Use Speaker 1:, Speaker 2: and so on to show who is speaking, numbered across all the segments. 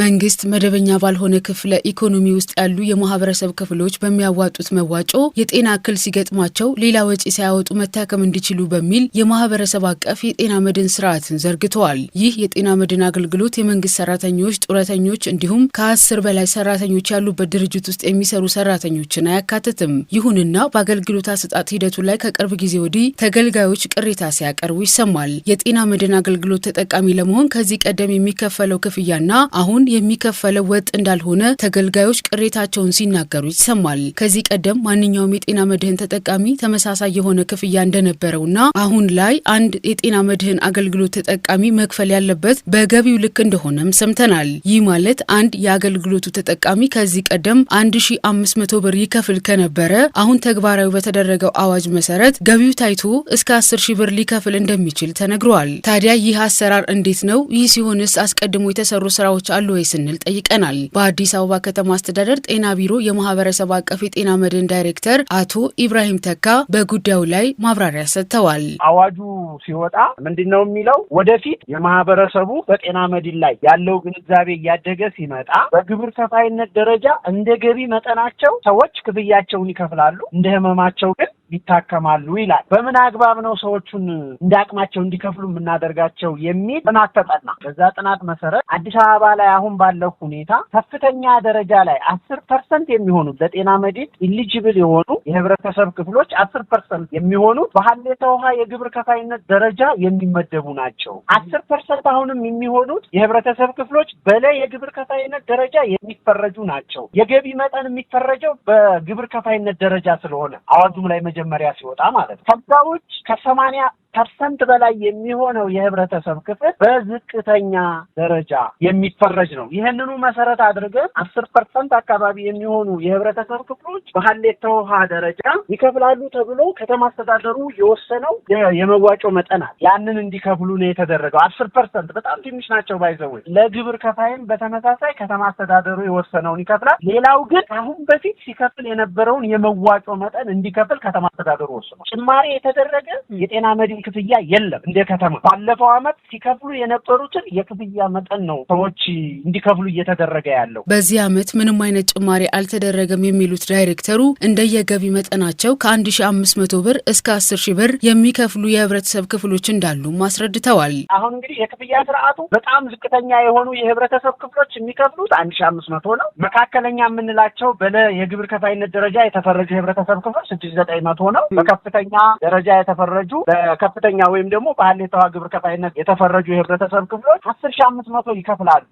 Speaker 1: መንግስት መደበኛ ባልሆነ ክፍለ ኢኮኖሚ ውስጥ ያሉ የማህበረሰብ ክፍሎች በሚያዋጡት መዋጮ የጤና እክል ሲገጥማቸው ሌላ ወጪ ሳያወጡ መታከም እንዲችሉ በሚል የማህበረሰብ አቀፍ የጤና መድን ስርዓትን ዘርግተዋል። ይህ የጤና መድን አገልግሎት የመንግስት ሰራተኞች፣ ጡረተኞች እንዲሁም ከአስር በላይ ሰራተኞች ያሉበት ድርጅት ውስጥ የሚሰሩ ሰራተኞችን አያካትትም። ይሁንና በአገልግሎት አሰጣጥ ሂደቱ ላይ ከቅርብ ጊዜ ወዲህ ተገልጋዮች ቅሬታ ሲያቀርቡ ይሰማል። የጤና መድን አገልግሎት ተጠቃሚ ለመሆን ከዚህ ቀደም የሚከፈለው ክፍያና አሁን እስካሁን የሚከፈለው ወጥ እንዳልሆነ ተገልጋዮች ቅሬታቸውን ሲናገሩ ይሰማል። ከዚህ ቀደም ማንኛውም የጤና መድህን ተጠቃሚ ተመሳሳይ የሆነ ክፍያ እንደነበረውና አሁን ላይ አንድ የጤና መድህን አገልግሎት ተጠቃሚ መክፈል ያለበት በገቢው ልክ እንደሆነም ሰምተናል። ይህ ማለት አንድ የአገልግሎቱ ተጠቃሚ ከዚህ ቀደም 1500 ብር ይከፍል ከነበረ አሁን ተግባራዊ በተደረገው አዋጅ መሰረት ገቢው ታይቶ እስከ 10 ሺህ ብር ሊከፍል እንደሚችል ተነግሯል። ታዲያ ይህ አሰራር እንዴት ነው? ይህ ሲሆንስ አስቀድሞ የተሰሩ ስራዎች አሉ ወይ ስንል ጠይቀናል። በአዲስ አበባ ከተማ አስተዳደር ጤና ቢሮ የማህበረሰብ አቀፍ የጤና መድን ዳይሬክተር አቶ ኢብራሂም ተካ በጉዳዩ ላይ ማብራሪያ ሰጥተዋል።
Speaker 2: አዋጁ ሲወጣ ምንድን ነው የሚለው? ወደፊት የማህበረሰቡ በጤና መድን ላይ ያለው ግንዛቤ እያደገ ሲመጣ በግብር ከፋይነት ደረጃ እንደ ገቢ መጠናቸው ሰዎች ክፍያቸውን ይከፍላሉ። እንደ ህመማቸው ግን ይታከማሉ ይላል። በምን አግባብ ነው ሰዎቹን እንደ አቅማቸው እንዲከፍሉ የምናደርጋቸው የሚል ጥናት ተጠና። በዛ ጥናት መሰረት አዲስ አበባ ላይ አሁን ባለው ሁኔታ ከፍተኛ ደረጃ ላይ አስር ፐርሰንት የሚሆኑት ለጤና መድን ኢሊጅብል የሆኑ የህብረተሰብ ክፍሎች አስር ፐርሰንት የሚሆኑት በሀሌተ ውሃ የግብር ከፋይነት ደረጃ የሚመደቡ ናቸው። አስር ፐርሰንት አሁንም የሚሆኑት የህብረተሰብ ክፍሎች በላይ የግብር ከፋይነት ደረጃ የሚፈረጁ ናቸው። የገቢ መጠን የሚፈረጀው በግብር ከፋይነት ደረጃ ስለሆነ አዋጁም ላይ መጀመሪያ ሲወጣ ማለት ነው። ከዛ ውጭ ከሰማንያ ፐርሰንት በላይ የሚሆነው የህብረተሰብ ክፍል በዝቅተኛ ደረጃ የሚፈረጅ ነው። ይህንኑ መሰረት አድርገን አስር ፐርሰንት አካባቢ የሚሆኑ የህብረተሰብ ክፍሎች በሀሌተ ውሃ ደረጃ ይከፍላሉ ተብሎ ከተማ አስተዳደሩ የወሰነው የመዋጮ መጠናት ያንን እንዲከፍሉ ነው የተደረገው። አስር ፐርሰንት በጣም ትንሽ ናቸው። ባይዘወይ ለግብር ከፋይም በተመሳሳይ ከተማ አስተዳደሩ የወሰነውን ይከፍላል። ሌላው ግን አሁን በፊት ሲከፍል የነበረውን የመዋጮ መጠን እንዲከፍል ከተማ ከተማ አስተዳደሩ ወስኖ ጭማሪ የተደረገ የጤና መድን ክፍያ የለም። እንደ ከተማ ባለፈው ዓመት ሲከፍሉ የነበሩትን የክፍያ መጠን ነው ሰዎች እንዲከፍሉ እየተደረገ ያለው።
Speaker 1: በዚህ ዓመት ምንም አይነት ጭማሪ አልተደረገም የሚሉት ዳይሬክተሩ እንደየገቢ መጠናቸው ከ1500 ብር እስከ 10 ሺ ብር የሚከፍሉ የህብረተሰብ ክፍሎች እንዳሉ አስረድተዋል።
Speaker 2: አሁን እንግዲህ የክፍያ ስርዓቱ በጣም ዝቅተኛ የሆኑ የህብረተሰብ ክፍሎች የሚከፍሉት መቶ ነው። መካከለኛ የምንላቸው በለ የግብር ከፋይነት ደረጃ የተፈረጀ የህብረተሰብ ዘጠኝ መ አመት ነው። በከፍተኛ ደረጃ የተፈረጁ በከፍተኛ ወይም ደግሞ በሀሌታዋ ግብር ከፋይነት የተፈረጁ የህብረተሰብ ክፍሎች አስር ሺ አምስት መቶ ይከፍላሉ።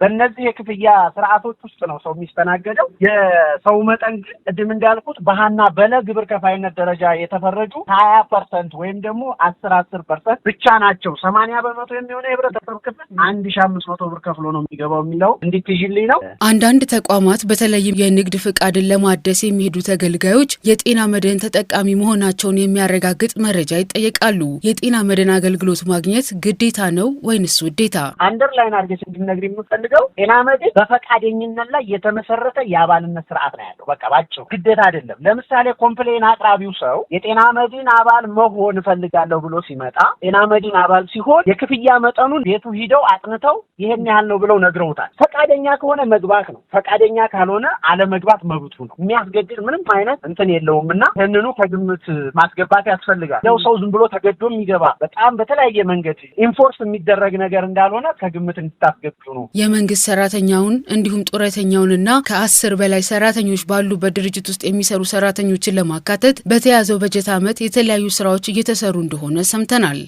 Speaker 2: በእነዚህ የክፍያ ስርዓቶች ውስጥ ነው ሰው የሚስተናገደው። የሰው መጠን ግን ቅድም እንዳልኩት ባህና በለ ግብር ከፋይነት ደረጃ የተፈረጁ ሀያ ፐርሰንት ወይም ደግሞ አስር አስር ፐርሰንት ብቻ ናቸው። ሰማንያ በመቶ የሚሆነ የህብረተሰብ ክፍል አንድ ሺ አምስት መቶ ብር ከፍሎ ነው የሚገባው የሚለው እንዲትይዥልኝ ነው።
Speaker 1: አንዳንድ ተቋማት በተለይም የንግድ ፍቃድን ለማደስ የሚሄዱ ተገልጋዮች የጤና መድህን ተጠቅ ተጠቃሚ መሆናቸውን የሚያረጋግጥ መረጃ ይጠየቃሉ። የጤና መድን አገልግሎት ማግኘት ግዴታ ነው ወይንስ ውዴታ?
Speaker 2: አንደርላይን አድርገሽ እንድነግር የምፈልገው ጤና መድን በፈቃደኝነት ላይ የተመሰረተ የአባልነት ስርዓት ነው ያለው። በቃ ባጭሩ ግዴታ አይደለም። ለምሳሌ ኮምፕሌን አቅራቢው ሰው የጤና መድን አባል መሆን እፈልጋለሁ ብሎ ሲመጣ ጤና መድን አባል ሲሆን የክፍያ መጠኑን ቤቱ ሂደው አጥንተው ይሄን ያህል ነው ብለው ነግረውታል። ፈቃደኛ ከሆነ መግባት ነው፣ ፈቃደኛ ካልሆነ አለመግባት መብቱ ነው። የሚያስገድድ ምንም አይነት እንትን የለውም እና ይህንኑ ከግምት ማስገባት ያስፈልጋል። ያው ሰው ዝም ብሎ ተገዶ የሚገባ በጣም በተለያየ መንገድ ኢንፎርስ የሚደረግ ነገር እንዳልሆነ ከግምት እንድታስገብጡ ነው።
Speaker 1: የመንግስት ሰራተኛውን እንዲሁም ጡረተኛውንና ከአስር በላይ ሰራተኞች ባሉበት ድርጅት ውስጥ የሚሰሩ ሰራተኞችን ለማካተት በተያዘው በጀት ዓመት የተለያዩ ስራዎች እየተሰሩ እንደሆነ ሰምተናል።